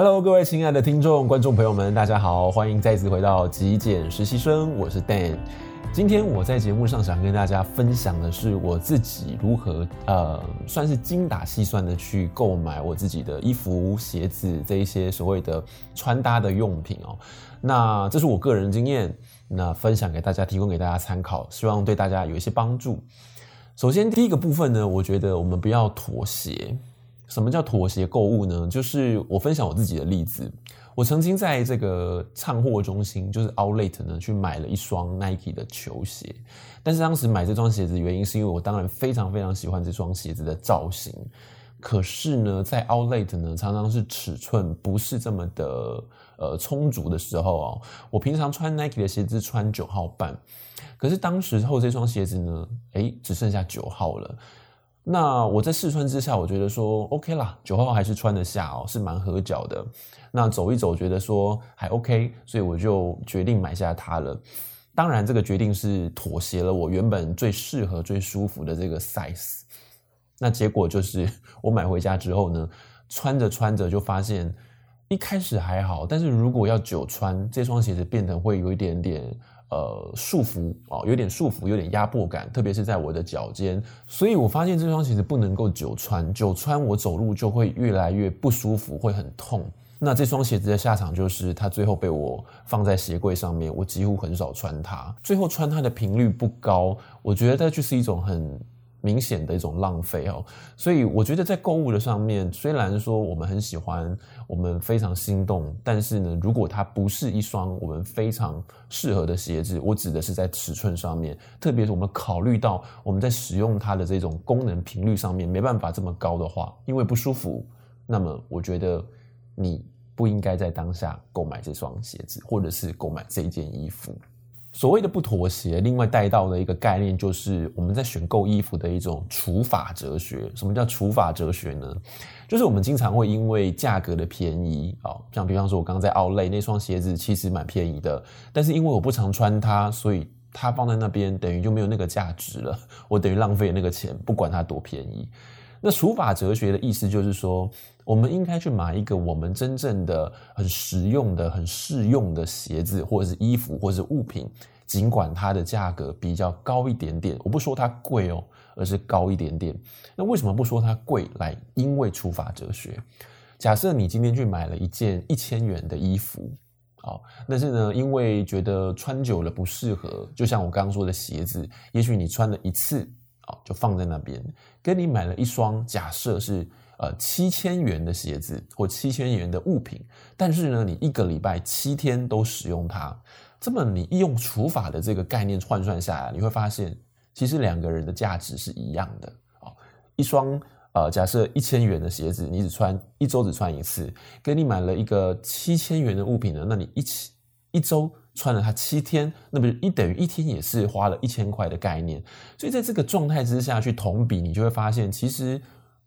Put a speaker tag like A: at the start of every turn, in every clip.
A: Hello，各位親愛的聽眾、觀眾朋友們，大家好，歡迎再次回到極簡實習生，我是 Dan。今天我在節目上想跟大家分享的是我自己如何呃，算是精打細算的去購買我自己的衣服、鞋子這一些所謂的穿搭的用品哦。那這是我個人經驗，那分享給大家，提供給大家參考，希望對大家有一些幫助。首先第一個部分呢，我覺得我們不要妥協。什麼叫妥協購物呢？就是我分享我自己的例子。我曾經在這個暢貨中心，就是 Outlet 呢，去買了一雙 Nike 的球鞋。但是當時買這雙鞋子的原因，是因為我當然非常非常喜歡這雙鞋子的造型。可是呢，在 Outlet 呢，常常是尺寸不是這麼的呃充足的時候哦。我平常穿 Nike 的鞋子穿九號半，可是當時候這雙鞋子呢，誒，欸，只剩下九號了。那我在試穿之下，我覺得說 OK 啦，九號還是穿得下哦，是蠻合腳的。那走一走，覺得說還 OK，所以我就決定買下它了。當然，這個決定是妥協了我原本最適合、最舒服的這個 size。那結果就是，我買回家之後呢，穿着穿着就發現。一開始還好，但是如果要久穿，這雙鞋子變得會有一點點呃束縛啊、哦，有點束縛，有點壓迫感，特別是在我的腳尖。所以我發現這雙鞋子不能夠久穿，久穿我走路就會越來越不舒服，會很痛。那這雙鞋子的下場就是它最後被我放在鞋櫃上面，我幾乎很少穿它，最後穿它的頻率不高。我覺得它就是一種很。明顯的一種浪費哦，所以我覺得在購物的上面，雖然說我們很喜歡，我們非常心動，但是呢，如果它不是一雙我們非常適合的鞋子，我指的是在尺寸上面，特別是我們考慮到我們在使用它的這種功能頻率上面沒辦法這麼高的話，因為不舒服，那麼我覺得你不應該在當下購買這雙鞋子，或者是購買這一件衣服。所謂的不妥協，另外帶到的一個概念就是我們在選購衣服的一種除法哲學。什麼叫除法哲學呢？就是我們經常會因為價格的便宜，啊、哦，像比方說我剛剛在 Outlet 那雙鞋子其實蠻便宜的，但是因為我不常穿它，所以它放在那邊等於就沒有那個價值了，我等於浪費那個錢，不管它多便宜。那除法哲學的意思就是說，我們應該去買一個我們真正的、很實用的、很適用的鞋子，或者是衣服，或者是物品，儘管它的價格比較高一點點。我不說它貴哦，而是高一點點。那為什麼不說它貴？來，因為除法哲學。假設你今天去買了一件一千元的衣服，好，但是呢，因為覺得穿久了不適合，就像我剛剛說的鞋子，也許你穿了一次。就放在那邊，跟你買了一雙，假設是呃七千元的鞋子或七千元的物品，但是呢，你一個禮拜七天都使用它，這麼你一用除法的這個概念換算下來，你會發現其實兩個人的價值是一樣的。啊、哦，一雙呃假設一千元的鞋子，你只穿一周只穿一次，跟你買了一個七千元的物品呢，那你一起。一周穿了它七天，那麼一等於一天也是花了一千塊的概念。所以在這個狀態之下去同比，你就會發現，其實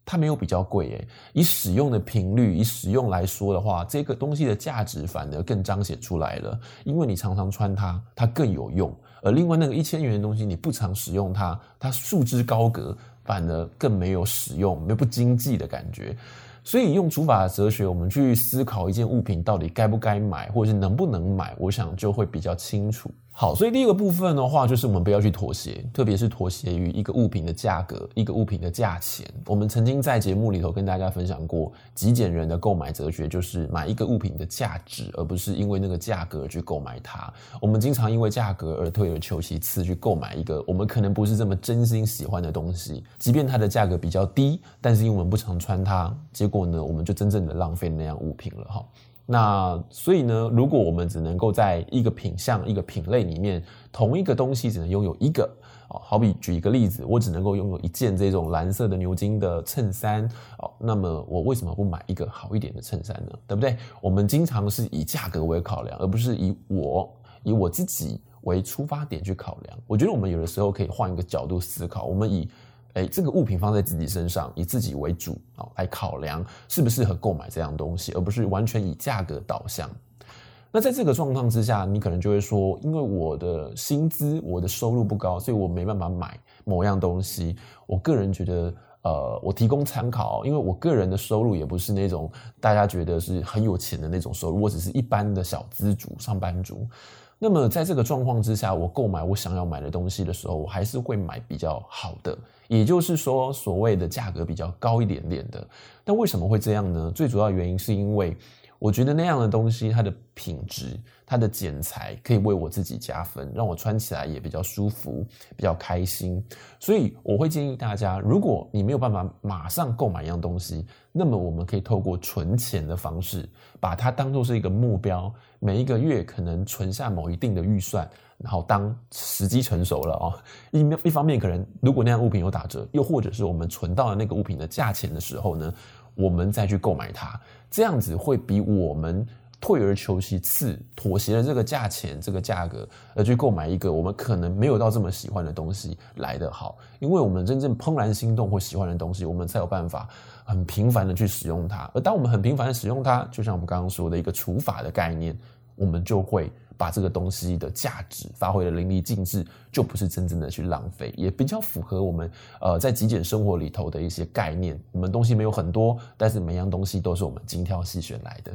A: 它沒有比較貴哎。以使用的頻率，以使用來說的話，這個東西的價值反而更彰顯出來了。因為你常常穿它，它更有用；而另外那個一千元的東西，你不常使用它，它束之高閣，反而更沒有使用、沒有不經濟的感覺。所以用除法的哲學，我們去思考一件物品到底該不該買，或者是能不能買，我想就會比較清楚。好，所以第一個部分的話，就是我們不要去妥協，特別是妥協於一個物品的價格，一個物品的價錢。我們曾經在節目裡頭跟大家分享過，極簡人的購買哲學就是買一個物品的價值，而不是因為那個價格而去購買它。我們經常因為價格而退而求其次去購買一個我們可能不是這麼真心喜歡的東西，即便它的價格比較低，但是因為我們不常穿它，結果呢，我們就真正的浪費那樣物品了哈。那所以呢，如果我們只能夠在一個品項，一個品類裡面，同一個東西只能擁有一個，哦、好比舉一個例子，我只能夠擁有一件這種藍色的牛津的襯衫哦，那麼我為什麼不買一個好一點的襯衫呢？對不對？我們經常是以價格為考量，而不是以我以我自己為出發點去考量。我覺得我們有的時候可以換一個角度思考，我們以。哎，這個物品放在自己身上，以自己為主啊、哦，來考量適不適合購買這樣東西，而不是完全以價格導向。那在這個狀況之下，你可能就會說，因為我的薪資、我的收入不高，所以我沒辦法買某樣東西。我個人覺得，呃，我提供參考，因為我個人的收入也不是那種大家覺得是很有錢的那種收入，我只是一般的小資族、上班族。那麼在這個狀況之下，我購買我想要買的東西的時候，我還是會買比較好的，也就是說，所謂的價格比較高一點點的。但為什麼會這樣呢？最主要原因是因為。我覺得那樣的東西，它的品質、它的剪裁，可以為我自己加分，讓我穿起來也比較舒服、比較開心。所以我會建議大家，如果你沒有辦法馬上購買一樣東西，那麼我們可以透過存錢的方式，把它當做是一個目標，每一個月可能存下某一定的預算，然後當時機成熟了哦，一一方面可能如果那樣物品有打折，又或者是我們存到了那個物品的價錢的時候呢，我們再去購買它，這樣子會比我們退而求其次、妥協的這個價錢、這個價格，而去購買一個我們可能沒有到這麼喜歡的東西來得好。因為我們真正怦然心動或喜歡的東西，我們才有辦法很頻繁的去使用它。而當我們很頻繁的使用它，就像我們剛剛說的一個除法的概念，我們就會把這個東西的價值發揮得淋漓盡致，就不是真正的去浪費，也比較符合我們呃在極簡生活裡頭的一些概念。我們東西沒有很多，但是每樣東西都是我們精挑細選來的。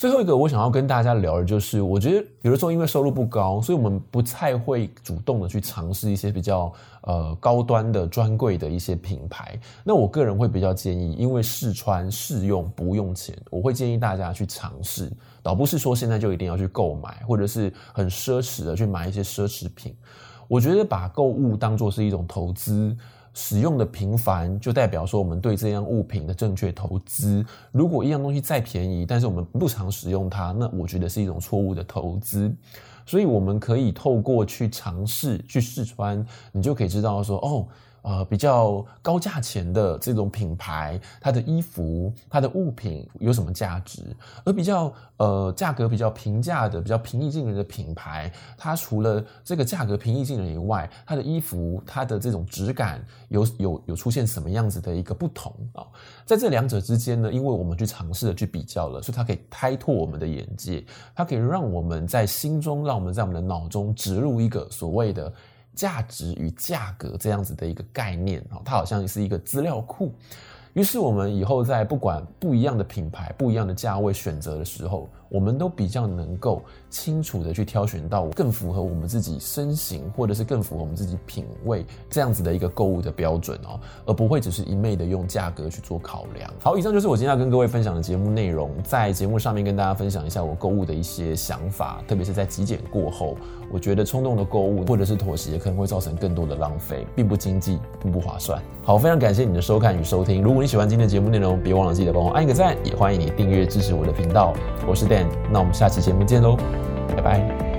A: 最後一個我想要跟大家聊的就是，我覺得有的時候因為收入不高，所以我們不太會主動的去嘗試一些比較呃高端的專櫃的一些品牌。那我個人會比較建議，因為試穿試用不用錢，我會建議大家去嘗試，倒不是說現在就一定要去購買，或者是很奢侈的去買一些奢侈品。我覺得把購物當做是一種投資。使用的頻繁，就代表說我們對這樣物品的正確投資。如果一樣東西再便宜，但是我們不常使用它，那我覺得是一種錯誤的投資。所以，我們可以透過去嘗試、去試穿，你就可以知道說，哦。呃，比較高價錢的這種品牌，它的衣服、它的物品有什麼價值？而比較，呃，價格比較平價的、比較平易近人的品牌，它除了這個價格平易近人以外，它的衣服、它的這種質感有有有出現什麼樣子的一個不同啊、哦？在這兩者之間呢，因為我們去嘗試的去比較了，所以它可以開拓我們的眼界，它可以讓我們在心中、讓我們在我們的腦中植入一個所謂的。價值與價格這樣子的一個概念啊，它好像是一個資料庫。於是我們以後在不管不一樣的品牌，不一樣的價位選擇的時候，我們都比較能夠清楚的去挑選到更符合我們自己身形，或者是更符合我們自己品味這樣子的一個購物的標準哦，而不會只是一昧的用價格去做考量。好，以上就是我今天要跟各位分享的節目內容，在節目上面跟大家分享一下我購物的一些想法，特別是在極簡過後，我覺得衝動的購物或者是妥協可能會造成更多的浪費，並不經濟，並不划算。好，非常感謝你的收看與收聽，如果如果你喜歡今天的節目內容，別忘了記得幫我按個讚，也歡迎你訂閱支持我的頻道。我是 Dan，那我們下期節目見嘍，拜拜。